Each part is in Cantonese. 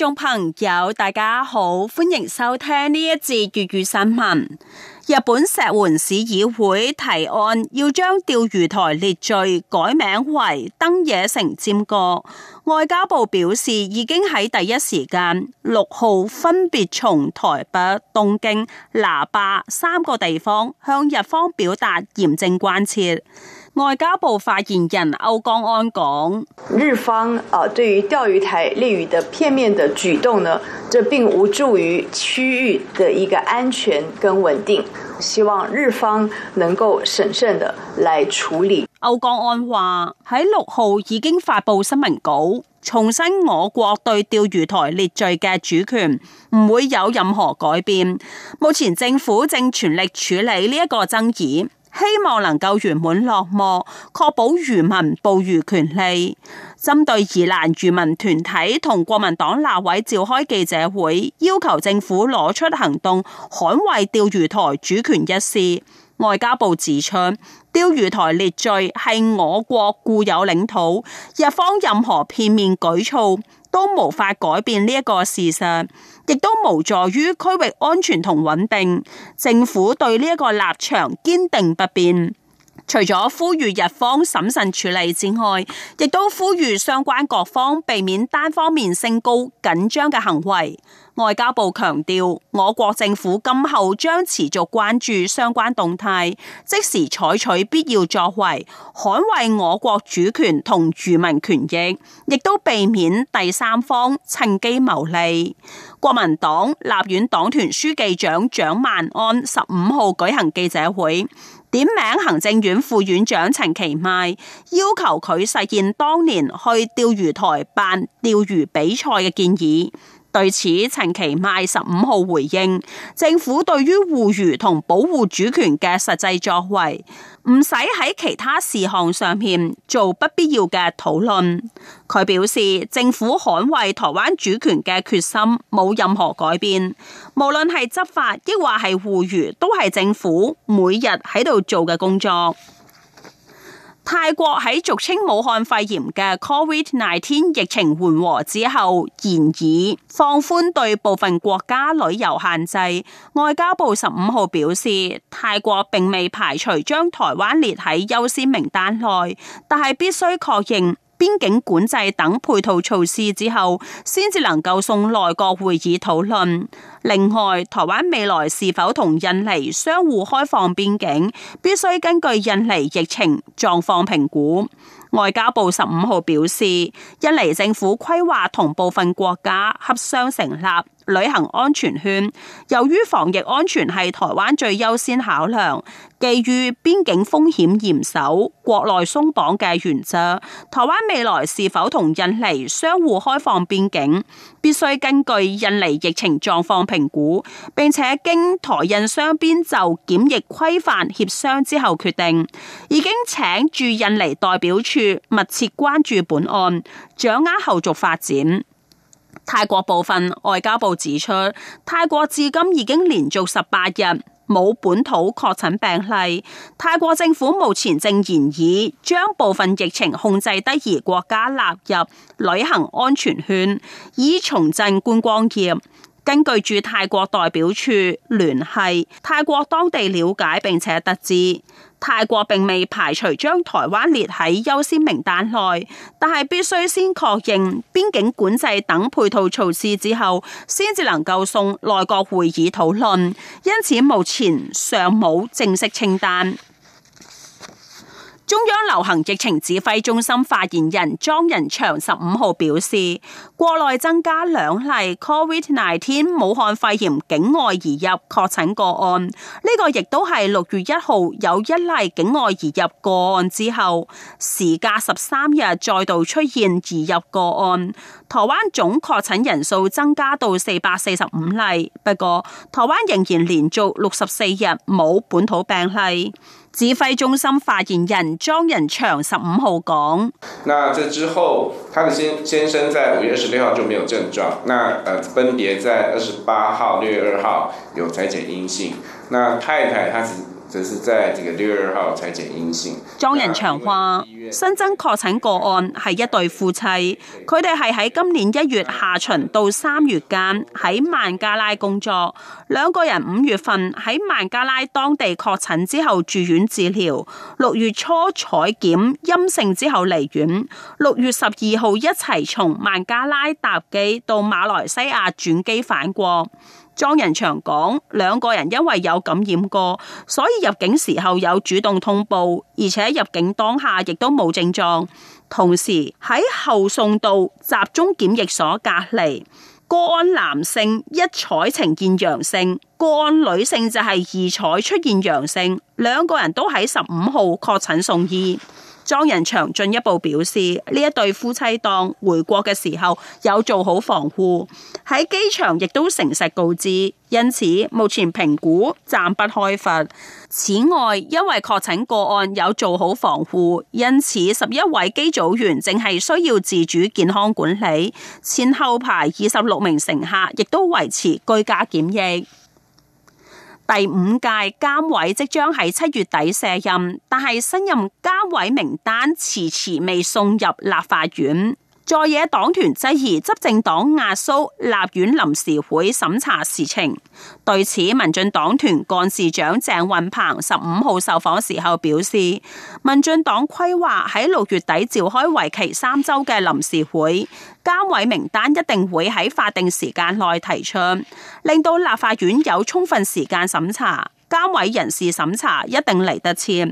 聽眾朋友，大家好，歡迎收聽呢一節粵語新聞。日本石垣市議會提案要將釣魚台列嶼改名為登野城尖閣，外交部表示已經喺第一時間六號分別從台北、東京、那霸三個地方向日方表達嚴正關切。外交部發言人歐江安講，日方啊，對於釣魚台列嶼的片面的舉動呢，這並無助於區域的一個安全跟穩定。希望日方能夠審慎的來處理。歐江安話喺六號已經發佈新聞稿，重申我國對釣魚台列嶼嘅主權唔會有任何改變。目前政府正全力處理呢一個爭議。希望能夠圓滿落幕，確保漁民捕魚權利。針對宜蘭漁民團體同國民黨立委召開記者會，要求政府攞出行動，捍衛釣魚台主權一事，外交部指出，釣魚台列嶼係我國固有領土，日方任何片面舉措都無法改變呢一個事實。亦都無助於區域安全同穩定，政府對呢一個立場堅定不變。除咗呼籲日方審慎處理之外，亦都呼籲相關各方避免單方面升高緊張嘅行為。外交部強調，我國政府今後將持續關注相關動態，即時採取必要作為，捍衛我國主權同漁民權益，亦都避免第三方趁機謀利。國民黨立院黨團書記長蔣萬安十五號舉行記者會。點名行政院副院長陳其賣，要求佢實現當年去釣魚台辦釣魚比賽嘅建議。對此，陳其邁十五號回應：政府對於護漁同保護主權嘅實際作為，唔使喺其他事項上面做不必要嘅討論。佢表示，政府捍衛台灣主權嘅決心冇任何改變，無論係執法抑或係護漁，都係政府每日喺度做嘅工作。泰國喺俗稱武漢肺炎嘅 Covid nineteen 疫情緩和之後，現已放寬對部分國家旅遊限制。外交部十五號表示，泰國並未排除將台灣列喺優先名單內，但係必須確認邊境管制等配套措施之後，先至能夠送內閣會議討論。另外，台灣未來是否同印尼相互開放邊境，必須根據印尼疫情狀況評估。外交部十五號表示，印尼政府規劃同部分國家洽商成立旅行安全圈。由於防疫安全係台灣最優先考量，基於邊境風險嚴守、國內鬆綁嘅原則，台灣未來是否同印尼相互開放邊境，必須根據印尼疫情狀況評估，並且經台印雙邊就檢疫規範協商之後決定，已經請駐印尼代表處密切關注本案，掌握後續發展。泰國部分，外交部指出，泰國至今已經連續十八日冇本土確診病例。泰國政府目前正研議將部分疫情控制得宜國家納入旅行安全圈，以重振觀光業。根據駐泰國代表處聯繫泰國當地了解，並且得知泰國並未排除將台灣列喺優先名單內，但係必須先確認邊境管制等配套措施之後，先至能夠送內閣會議討論。因此目前尚冇正式清單。中央流行疫情指揮中心發言人莊人祥十五號表示，國內增加兩例 COVID-19 武漢肺炎境外移入確診個案，呢、這個亦都係六月一號有一例境外移入個案之後，時隔十三日再度出現移入個案。台灣總確診人數增加到四百四十五例，不過台灣仍然連續六十四日冇本土病例。指揮中心發言人莊仁祥十五號講，那這之後，他的先先生在五月二十六號就沒有症狀，那，呃，分別在二十八號、六月二號有採檢陰性，那太太她是，他只。這是在這個六月二號採檢陰性。莊人祥話：新增確診個案係一對夫妻，佢哋係喺今年一月下旬到三月間喺孟加拉工作。兩個人五月份喺孟加拉當地確診之後住院治療，六月初採檢陰性之後離院。六月十二號一齊從孟加拉搭機到馬來西亞轉機返國。莊人祥講，兩個人因為有感染過，所以入境時候有主動通報，而且入境當下亦都冇症狀。同時喺後送到集中檢疫所隔離。個案男性一採呈現陽性，個案女性就係二採出現陽性，兩個人都喺十五號確診送醫。莊人祥進一步表示，呢一對夫妻檔回國嘅時候有做好防護，喺機場亦都誠實告知，因此目前評估暫不開罰。此外，因為確診個案有做好防護，因此十一位機組員淨係需要自主健康管理，前後排二十六名乘客亦都維持居家檢疫。第五屆監委即將在七月底卸任，但是新任監委名單遲遲未送入立法院。在野黨團質疑執政黨壓蘇立院臨時會審查事情，對此民進黨團幹事長鄭運鵬十五號受訪時候表示，民進黨規劃喺六月底召開為期三周嘅臨時會，監委名單一定會喺法定時間內提出，令到立法院有充分時間審查。監委人事審查一定嚟得切。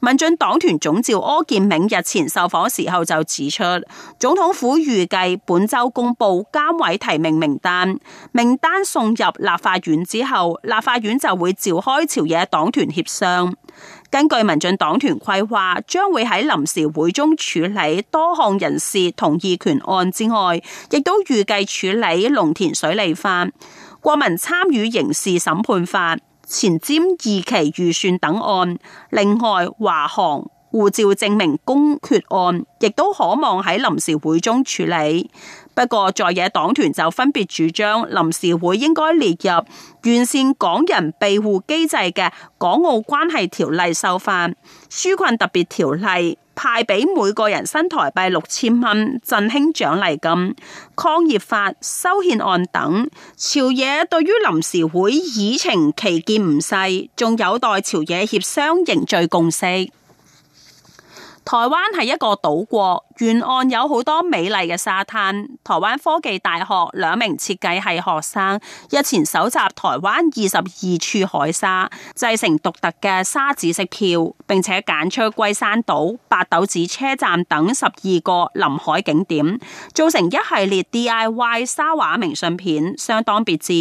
民進黨團總召柯建銘日前受訪時候就指出，總統府預計本周公布監委提名名單，名單送入立法院之後，立法院就會召開朝野黨團協商。根據民進黨團規劃，將會喺臨時會中處理多項人事同意權案之外，亦都預計處理《農田水利法》、《國民參與刑事審判法》。前瞻二期預算等案，另外華航護照證明公決案，亦都可望喺臨時會中處理。不過在野黨團就分別主張，臨時會應該列入完善港人庇護機制嘅《港澳關係條例》修法紓困特別條例。派俾每個人新台幣六千蚊振興獎勵金、礦業法修憲案等。朝野對於臨時會議程歧見唔細，仲有待朝野協商凝聚共識。台灣係一個島國。沿岸有好多美麗嘅沙灘。台灣科技大學兩名設計系學生日前蒐集台灣二十二處海沙，製成獨特嘅沙子式票，並且揀出龜山島、八斗子車站等十二個臨海景點，做成一系列 DIY 沙畫明信片，相當別致。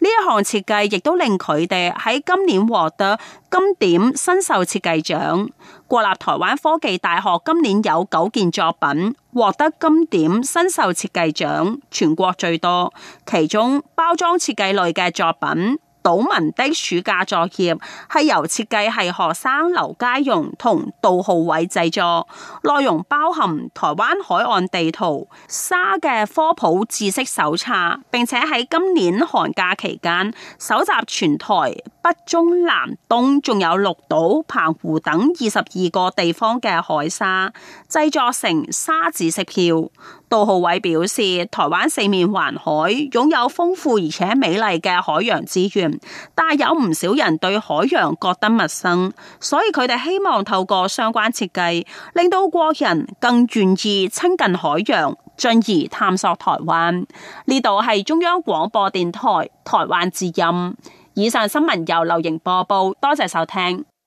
呢一項設計亦都令佢哋喺今年獲得金點新秀設計獎。國立台灣科技大學今年有九件作品。品獲得金點新秀設計獎全國最多，其中包裝設計類嘅作品。島民的暑假作業係由設計系學生劉佳蓉同杜浩偉製作，內容包含台灣海岸地圖、沙嘅科普知識手冊，並且喺今年寒假期間蒐集全台北中南東仲有綠島、澎湖等二十二個地方嘅海沙，製作成沙子式票。杜浩偉表示，台灣四面環海，擁有豐富而且美麗嘅海洋資源，但有唔少人對海洋覺得陌生，所以佢哋希望透過相關設計，令到國人更願意親近海洋，進而探索台灣。呢度係中央廣播電台台灣之音。以上新聞由劉瑩播報，多謝收聽。